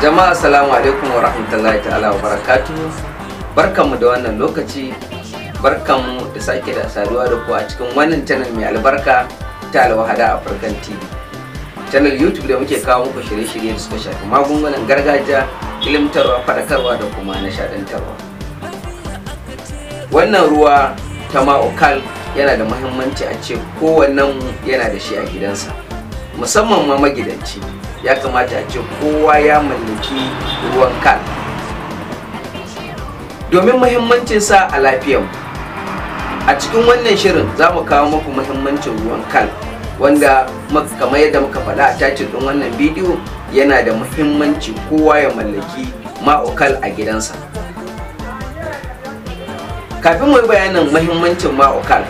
jama'a assalamu alaikum wa rahmatullahi ta'ala wa barakatuhu barkanmu da wannan lokaci barkanmu da sake da saduwa da ku a cikin wannan channel mai albarka ta alwahada african tv channel youtube da muke kawo muku shirye-shirye da suka shafi magungunan gargajiya ilimtarwa faɗakarwa da kuma nishaɗantarwa wannan ruwa ta ma'okal yana da muhimmanci a ce kowannen yana da shi a gidansa musamman ma magidanci ya kamata a ce kowa ya mallaki ruwan kan domin sa a lafiyar a cikin wannan shirin za mu kawo muku muhimmancin ruwan kal wanda kamar yadda muka faɗa a tacin ɗin wannan bidiyo yana da muhimmanci kowa ya mallaki ma'okal a gidansa kafin mu yi bayanin muhimmancin ma'okal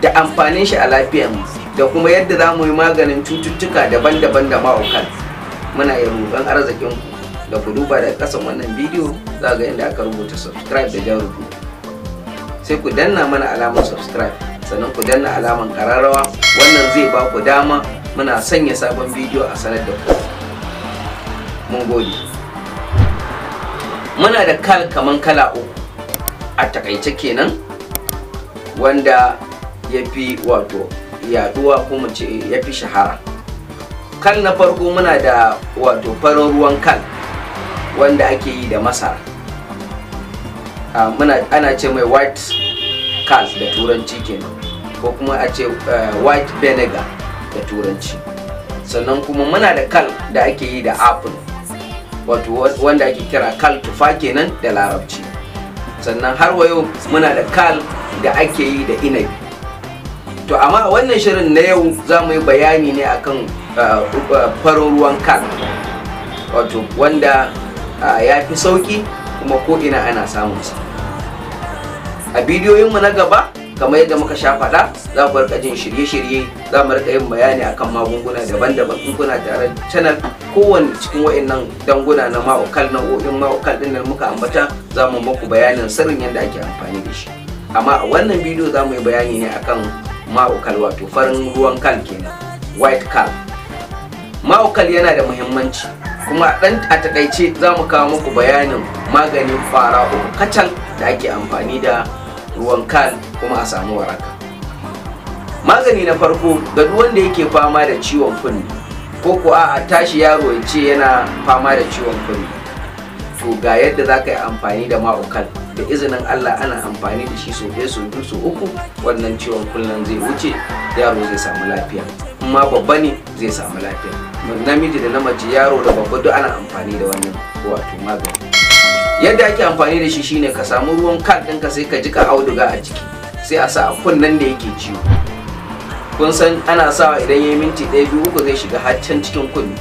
da amfanin shi a lafiyar da kuma yadda za mu yi maganin cututtuka daban-daban da ma'okal muna yin roƙon arzikin da ku duba daga ƙasan wannan bidiyo za ga inda aka rubuta subscribe da jan sai ku danna mana alamar subscribe sannan ku danna alamar ƙararrawa wannan zai ba ku dama muna sanya sabon bidiyo a sanar da ku mun gode muna da kal kaman kala uku a takaice kenan wanda ya fi wato yaduwa ko mu ce ya fi shahara kal na farko muna da wato farin ruwan kal wanda ake yi da masara ah, muna ana ce mai white kal da turanci kenan ko kuma a ce eh, white vinegar da turanci sannan kuma muna da kal da ake yi da apple wato wanda ake kira kal tufa kenan da larabci sannan har wayo muna da kal da ake yi da inabi to amma wannan shirin na yau za mu yi bayani ne akan ah, ah, farin ruwan kan wato wanda ah, ya fi sauki kuma ko ina ana samun sa a bidiyoyinmu na gaba kamar yadda muka sha faɗa za mu rika jin shirye-shirye za mu rika yin bayani akan magunguna daban-daban in kuna tare channel kowanne cikin wa'annan danguna na ma'aukal na o'in ɗin da muka ambata za mu muku bayanin sirrin yadda ake amfani da shi amma a wannan bidiyo za mu yi bayani ne akan ma'ukal wato farin ruwan kal kenan white kal ma'ukal yana da muhimmanci kuma dan a takaice za mu kawo muku bayanin maganin fara uku kacal da ake amfani da ruwan kal kuma a samu waraka magani na farko ga duk wanda yake fama da ciwon kunne ko kuwa a tashi yaro ya ce yana fama da ciwon kunne to ga yadda za ka yi amfani da ma'ukal da izinin Allah ana amfani da shi sau ɗaya sau biyu so uku wannan ciwon kullum zai wuce yaro zai samu lafiya amma babba ne zai samu lafiya namiji da na yaro da babba duk ana amfani da wannan wato magani yadda ake amfani da shi shine ka samu ruwan kad ɗinka sai ka jika auduga a ciki sai a sa a kunnen da yake ciwo kun san ana sawa idan ya yi minti ɗaya biyu uku zai shiga har cikin kunne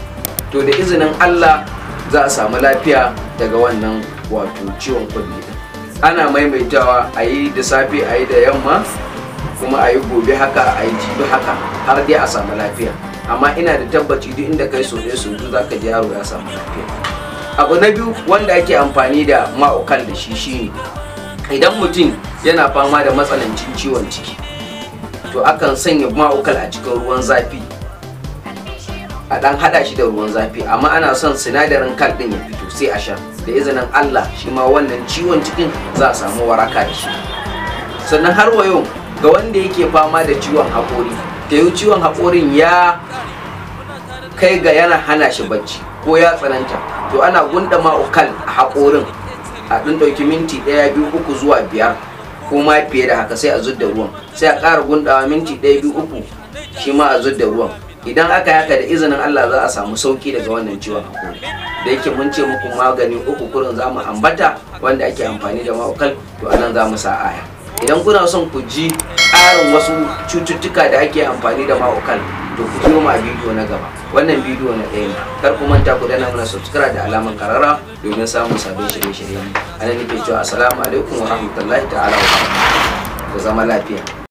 to da izinin Allah za a samu lafiya daga wannan wato ciwon kunne ana maimaitawa a yi da safe a yi da yamma kuma a yi gobe haka a yi jibi haka har dai a samu lafiya amma ina da tabbaci duk inda kai so so duk za ka ji yaro ya samu lafiya abu na biyu wanda ake amfani da ma'aukan da shi shi ne. idan mutum yana fama da matsanancin ciwon ciki to akan sanya ma'aukal a cikin ruwan zafi a dan hada shi da ruwan zafi amma ana son sinadarin kal din ya fito sai a sha da izinin Allah shi ma wannan ciwon cikin za a samu waraka da shi sannan har wa yau ga wanda yake fama da ciwon haƙori ta yau ciwon haƙorin ya kai ga yana hana shi bacci ko ya tsananta to ana gunda ukal a haƙorin a ɗin ɗauki minti ɗaya biyu uku zuwa biyar ko ma fiye da haka sai a zub ruwan sai a ƙara gundawa minti ɗaya biyu uku shi ma a zub ruwan idan aka yi da izinin Allah za a samu sauki daga wannan ciwon hakori da yake mun ce muku magani uku kurin za mu ambata wanda ake amfani da ma'aukal to anan za mu sa aya idan kuna son ku ji ƙarin wasu cututtuka da ake amfani da ma'aukal to ku biyo ma bidiyo na gaba wannan bidiyo na ɗaya ne kar ku manta ku dana mana subscribe da alamar karara domin samun sabbin shirye-shiryen anan nake cewa assalamu alaikum wa rahmatullahi ta'ala wa barakatuh ku zama lafiya